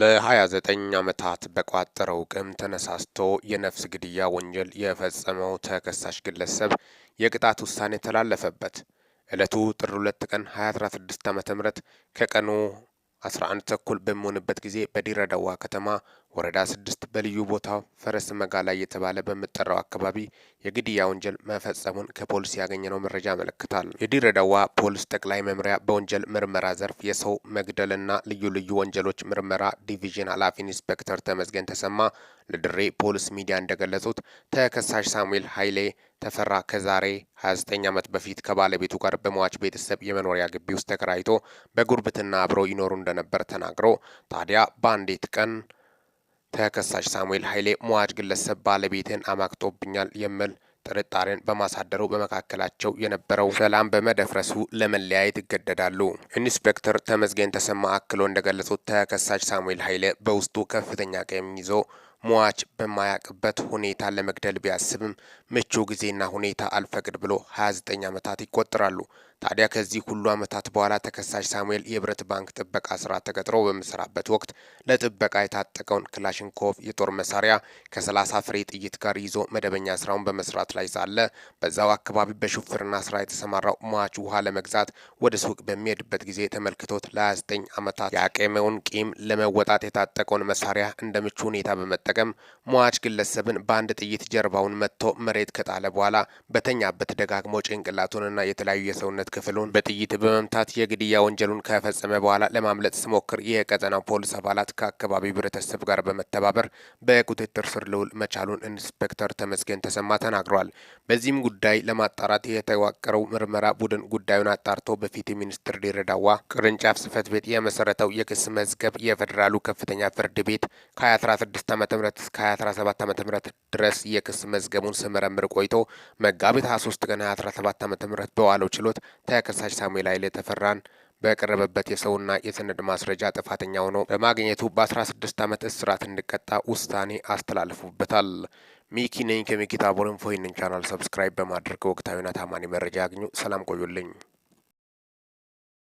ለ29 ዓመታት በቋጠረው ቂም ተነሳስቶ የነፍስ ግድያ ወንጀል የፈጸመው ተከሳሽ ግለሰብ የቅጣት ውሳኔ ተላለፈበት። ዕለቱ ጥር 2 ቀን 2016 ዓ.ም ከቀኑ 11 ተኩል በሚሆንበት ጊዜ በዲረዳዋ ከተማ ወረዳ ስድስት በልዩ ቦታው ፈረስ መጋላ እየተባለ በሚጠራው አካባቢ የግድያ ወንጀል መፈጸሙን ከፖሊስ ያገኘነው መረጃ ያመለክታል። የዲረዳዋ ፖሊስ ጠቅላይ መምሪያ በወንጀል ምርመራ ዘርፍ የሰው መግደልና ልዩ ልዩ ወንጀሎች ምርመራ ዲቪዥን ኃላፊ ኢንስፔክተር ተመስገን ተሰማ ለድሬ ፖሊስ ሚዲያ እንደገለጹት ተከሳሽ ሳሙኤል ኃይሌ ተፈራ ከዛሬ 29 ዓመት በፊት ከባለቤቱ ጋር በሟች ቤተሰብ የመኖሪያ ግቢ ውስጥ ተከራይቶ በጉርብትና አብሮ ይኖሩ እንደነበር ተናግሮ ታዲያ በአንዲት ቀን ተከሳሽ ሳሙኤል ኃይሌ ሟች ግለሰብ ባለቤትን አማክጦብኛል የሚል ጥርጣሬን በማሳደሩ በመካከላቸው የነበረው ሰላም በመደፍረሱ ለመለያየት ይገደዳሉ። ኢንስፔክተር ተመዝገኝ ተሰማ አክሎ እንደገለጹት ተከሳሽ ሳሙኤል ኃይሌ በውስጡ ከፍተኛ ቂም ይዞ ሟች በማያቅበት ሁኔታ ለመግደል ቢያስብም ምቹ ጊዜና ሁኔታ አልፈቅድ ብሎ 29 ዓመታት ይቆጥራሉ። ታዲያ ከዚህ ሁሉ ዓመታት በኋላ ተከሳሽ ሳሙኤል የህብረት ባንክ ጥበቃ ስራ ተቀጥሮ በምሰራበት ወቅት ለጥበቃ የታጠቀውን ክላሽንኮቭ የጦር መሳሪያ ከ30 ፍሬ ጥይት ጋር ይዞ መደበኛ ስራውን በመስራት ላይ ሳለ በዛው አካባቢ በሹፍርና ስራ የተሰማራው ሟች ውሃ ለመግዛት ወደ ሱቅ በሚሄድበት ጊዜ ተመልክቶት ለ29 ዓመታት ያቄመውን ቂም ለመወጣት የታጠቀውን መሳሪያ እንደ ምቹ ሁኔታ በመጠ በመጠቀም ሟች ግለሰብን በአንድ ጥይት ጀርባውን መጥቶ መሬት ከጣለ በኋላ በተኛበት ደጋግሞ ጭንቅላቱንና የተለያዩ የሰውነት ክፍሉን በጥይት በመምታት የግድያ ወንጀሉን ከፈጸመ በኋላ ለማምለጥ ሲሞክር የቀጠናው ፖሊስ አባላት ከአካባቢው ህብረተሰብ ጋር በመተባበር በቁጥጥር ስር ልውል መቻሉን ኢንስፔክተር ተመስገን ተሰማ ተናግሯል። በዚህም ጉዳይ ለማጣራት የተዋቀረው ምርመራ ቡድን ጉዳዩን አጣርቶ በፊት ሚኒስትር ዲረዳዋ ቅርንጫፍ ጽህፈት ቤት የመሰረተው የክስ መዝገብ የፌዴራሉ ከፍተኛ ፍርድ ቤት ከ2016 ዓ ም እስከ 2017 ዓ ድረስ የክስ መዝገቡን ስመረምር ቆይቶ መጋቢት 23 ቀን 2017 ዓ ም በዋለው ችሎት ተከሳሽ ሳሙኤል ኃይሌ ተፈራን በቀረበበት የሰውና የሰነድ ማስረጃ ጥፋተኛ ሆኖ በማግኘቱ በ16 ዓመት እስራት እንዲቀጣ ውሳኔ አስተላልፉበታል። ሚኪ ነኝ ከሚኪታ ቦረንፎይንን ቻናል ሰብስክራይብ በማድረግ ወቅታዊና ታማኒ መረጃ ያግኙ። ሰላም ቆዩልኝ።